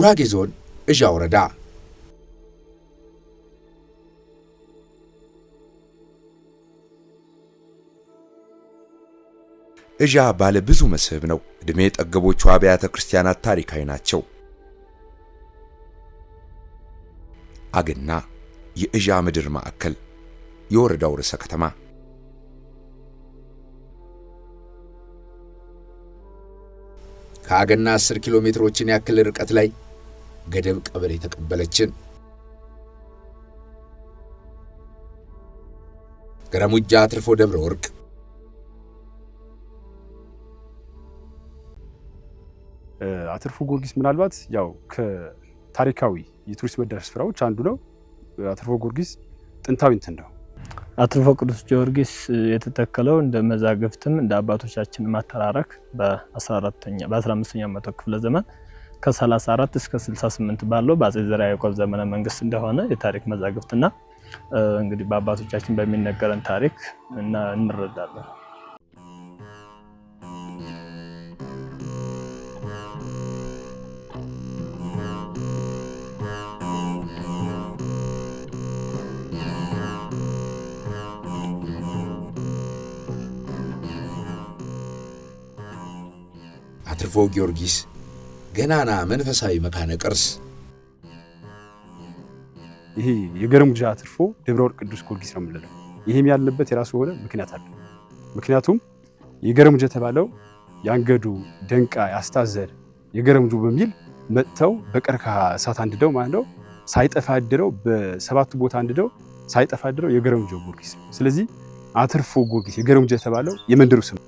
ጉራጌ ዞን እዣ ወረዳ እዣ ባለ ብዙ መስህብ ነው። ዕድሜ ጠገቦቹ አብያተ ክርስቲያናት ታሪካዊ ናቸው። አገና የእዣ ምድር ማዕከል፣ የወረዳው ርዕሰ ከተማ፣ ከአገና 10 ኪሎ ሜትሮችን ያክል ርቀት ላይ ገደብ ቀበሌ የተቀበለችን ገረሙጃ አትርፎ ደብረ ወርቅ አትርፎ ጊዮርጊስ ምናልባት ያው ከታሪካዊ የቱሪስት መዳረሻ ስፍራዎች አንዱ ነው። አትርፎ ጊዮርጊስ ጥንታዊ እንትን ነው። አትርፎ ቅዱስ ጊዮርጊስ የተተከለው እንደ መዛግብትም እንደ አባቶቻችን ማተራረክ በ በ15ኛው መቶ ክፍለ ዘመን ከ34 እስከ 68 ባለው በአፄ ዘርዓ ያዕቆብ ዘመነ መንግስት እንደሆነ የታሪክ መዛግብትና እንግዲህ በአባቶቻችን በሚነገረን ታሪክ እና እንረዳለን። አትርፎ ጊዮርጊስ ገናና መንፈሳዊ መካነ ቅርስ ይሄ የገረሙጃ አትርፎ ደብረ ወርቅ ቅዱስ ጊዮርጊስ ነው የምንለው። ይህም ያለበት የራሱ የሆነ ምክንያት አለ። ምክንያቱም የገረሙጃ የተባለው ያንገዱ ደንቃ ያስታዘር የገረሙጁ በሚል መጥተው በቀርከሃ እሳት አንድደው ማለት ነው ሳይጠፋ አድረው በሰባቱ ቦታ አንድደው ሳይጠፋ አድረው የገረሙጃ ጊዮርጊስ። ስለዚህ አትርፎ ጊዮርጊስ የገረሙጃ የተባለው የመንደሩ ስም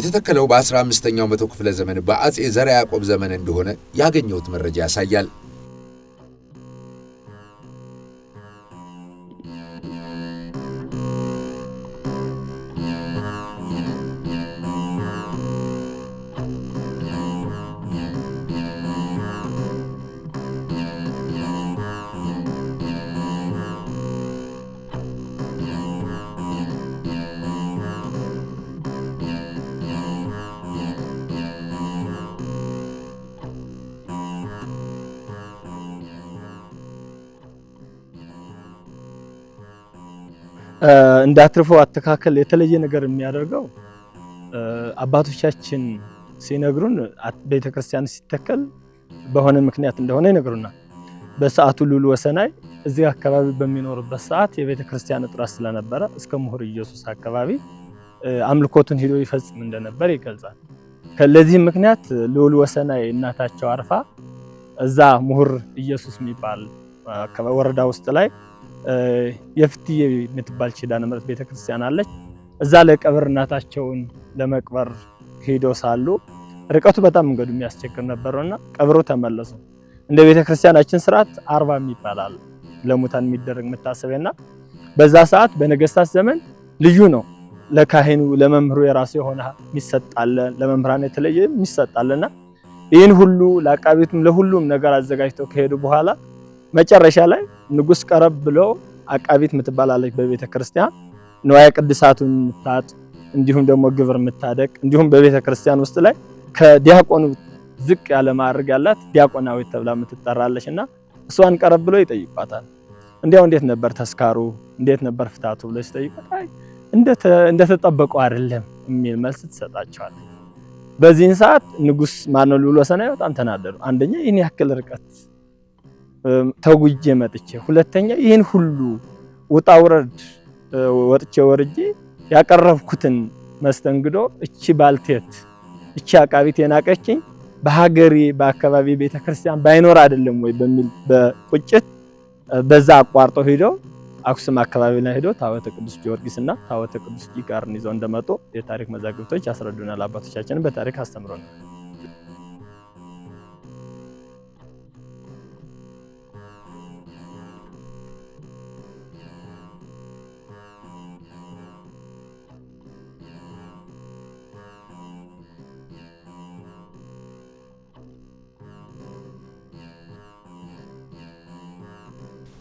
የተተከለው በ15ኛው መቶ ክፍለ ዘመን በአጼ ዘርዓ ያዕቆብ ዘመን እንደሆነ ያገኘሁት መረጃ ያሳያል። እንደ አትርፎ አተካከል የተለየ ነገር የሚያደርገው አባቶቻችን ሲነግሩን ቤተክርስቲያን ሲተከል በሆነ ምክንያት እንደሆነ ይነግሩናል። በሰዓቱ ሉል ወሰናይ እዚህ አካባቢ በሚኖርበት ሰዓት የቤተ ክርስቲያን እጥረት ስለነበረ እስከ ምሁር ኢየሱስ አካባቢ አምልኮቱን ሂዶ ይፈጽም እንደነበር ይገልጻል። ከለዚህም ምክንያት ሉል ወሰናይ እናታቸው አርፋ እዛ ምሁር ኢየሱስ የሚባል ወረዳ ውስጥ ላይ የፍትዬ የምትባል ኪዳነ ምሕረት ቤተክርስቲያን አለች። እዛ ለቀብር እናታቸውን ለመቅበር ሄደው ሳሉ ርቀቱ በጣም መንገዱ የሚያስቸግር ነበረውና ቀብሮ ተመለሱ። እንደ ቤተክርስቲያናችን ስርዓት አርባ የሚባላል ለሙታን የሚደረግ መታሰቢያና በዛ ሰዓት በነገስታት ዘመን ልዩ ነው። ለካህኑ ለመምህሩ የራሱ የሆነ የሚሰጣለ ለመምህራን የተለየ የሚሰጣለና ይህን ሁሉ ለአቃቤቱም ለሁሉም ነገር አዘጋጅተው ከሄዱ በኋላ መጨረሻ ላይ ንጉስ ቀረብ ብሎ አቃቢት የምትባላለች በቤተ ክርስቲያን ንዋየ ቅድሳቱን የምታጥ እንዲሁም ደግሞ ግብር የምታደቅ እንዲሁም በቤተ ክርስቲያን ውስጥ ላይ ከዲያቆኑ ዝቅ ያለ ማድረግ ያላት ዲያቆናዊት ተብላ የምትጠራለች እና እሷን ቀረብ ብሎ ይጠይቋታል። እንዲያው እንዴት ነበር ተስካሩ፣ እንዴት ነበር ፍታቱ ብሎ ሲጠይቋት እንደተጠበቀው አይደለም የሚል መልስ ትሰጣቸዋል። በዚህን ሰዓት ንጉስ ማነው ልብሎ ሰናይ በጣም ተናደዱ። አንደኛ ይህን ያክል ርቀት ተጉጄ መጥቼ ሁለተኛ ይህን ሁሉ ውጣ ውረድ ወጥቼ ወርጄ ያቀረብኩትን መስተንግዶ እቺ ባልቴት እቺ አቃቢት የናቀችኝ በሀገሬ በአካባቢ ቤተክርስቲያን ባይኖር አይደለም ወይ በሚል በቁጭት በዛ አቋርጦ ሂደው አክሱም አካባቢ ላይ ሄዶ ታወተ ቅዱስ ጊዮርጊስ እና ታወተ ቅዱስ ጊጋርን ይዘው እንደመጡ የታሪክ መዛግብቶች ያስረዱናል። አባቶቻችንን በታሪክ አስተምሮናል።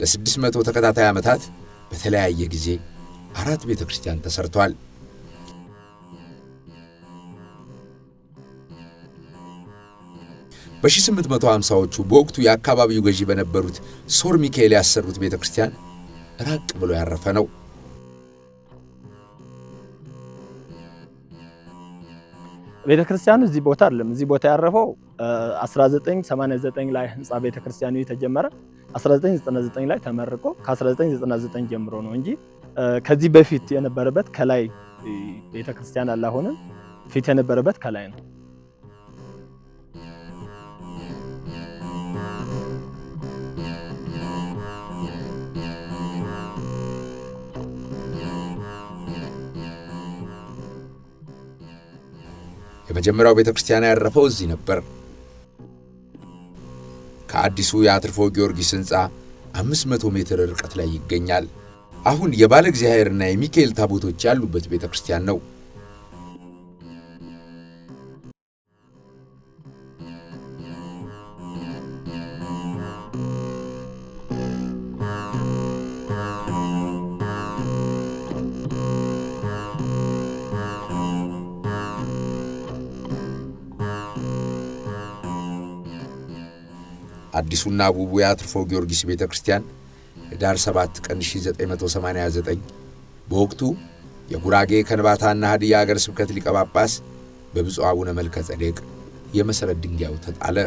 ለስድስት መቶ ተከታታይ ዓመታት በተለያየ ጊዜ አራት ቤተ ክርስቲያን ተሰርቷል። በ1850ዎቹ በወቅቱ የአካባቢው ገዢ በነበሩት ሶር ሚካኤል ያሰሩት ቤተ ክርስቲያን ራቅ ብሎ ያረፈ ነው። ቤተ ክርስቲያኑ እዚህ ቦታ አይደለም። እዚህ ቦታ ያረፈው 1989 ላይ ህንፃ ቤተ ክርስቲያኑ የተጀመረ 1999 ላይ ተመርቆ ከ1999 ጀምሮ ነው እንጂ ከዚህ በፊት የነበረበት ከላይ ቤተክርስቲያን አላሆንም። ፊት የነበረበት ከላይ ነው። የመጀመሪያው ቤተክርስቲያን ያረፈው እዚህ ነበር። ከአዲሱ የአትርፎ ጊዮርጊስ ሕንፃ 500 ሜትር ርቀት ላይ ይገኛል። አሁን የባለ እግዚአብሔርና የሚካኤል ታቦቶች ያሉበት ቤተ ክርስቲያን ነው። አዲሱና አቡቡ አትርፎ ጊዮርጊስ ቤተ ክርስቲያን ህዳር 7 ቀን 1989 በወቅቱ የጉራጌ ከንባታና ሀዲያ አገር ስብከት ሊቀ ጳጳስ በብፁዕ አቡነ መልከ ጸዴቅ የመሠረት ድንጋዩ ተጣለ።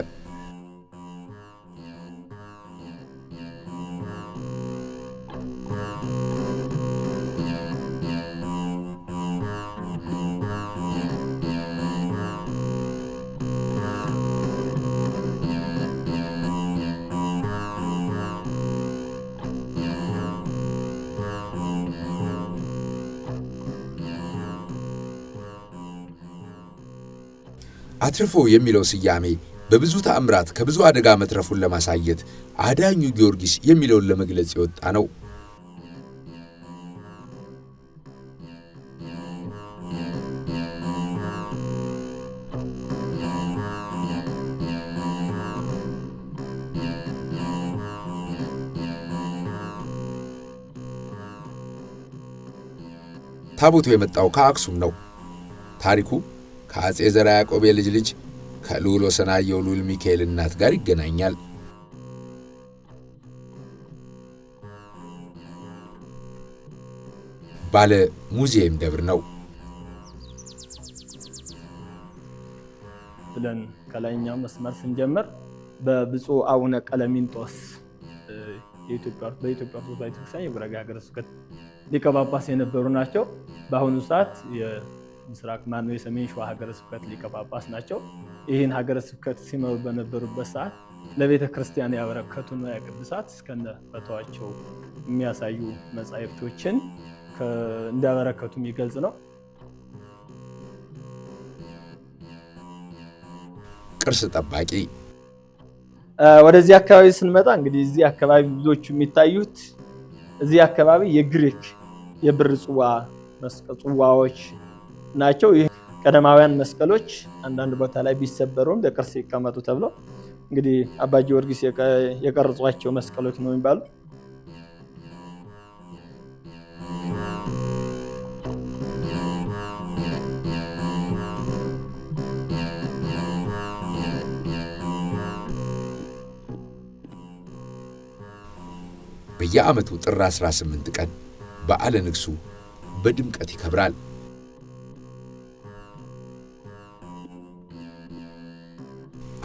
አትርፎ የሚለው ስያሜ በብዙ ተአምራት ከብዙ አደጋ መትረፉን ለማሳየት አዳኙ ጊዮርጊስ የሚለውን ለመግለጽ የወጣ ነው። ታቦቱ የመጣው ከአክሱም ነው። ታሪኩ ከአጼ ዘራ ያዕቆብ የልጅ ልጅ ከልዑል ወሰናየው ልዑል ሚካኤል እናት ጋር ይገናኛል። ባለ ሙዚየም ደብር ነው ብለን ከላይኛው መስመር ስንጀምር በብፁዕ አቡነ ቀለሚንጦስ በኢትዮጵያ ኦርቶዶክስ ቤተክርስቲያን የጉራጌ ሀገረ ስብከት ሊቀ ጳጳስ የነበሩ ናቸው። በአሁኑ ሰዓት ምስራቅ ማነው የሰሜን ሸዋ ሀገረ ስብከት ሊቀ ጳጳስ ናቸው። ይህን ሀገረ ስብከት ሲመሩ በነበሩበት ሰዓት ለቤተ ክርስቲያን ያበረከቱ ንዋየ ቅድሳት እስከነ ፈተዋቸው የሚያሳዩ መጻሕፍቶችን እንዳበረከቱ የሚገልጽ ነው። ቅርስ ጠባቂ ወደዚህ አካባቢ ስንመጣ እንግዲህ እዚህ አካባቢ ብዙዎቹ የሚታዩት እዚህ አካባቢ የግሪክ የብር ጽዋ መስቀል ጽዋዎች ናቸው። ይህ ቀደማውያን መስቀሎች አንዳንድ ቦታ ላይ ቢሰበሩም ለቅርስ ይቀመጡ ተብለው እንግዲህ አባ ጊዮርጊስ የቀረጿቸው መስቀሎች ነው የሚባሉ። በየዓመቱ ጥር 18 ቀን በዓለ ንግሡ በድምቀት ይከብራል።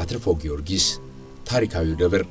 አትርፎ ጊዮርጊስ ታሪካዊው ደብር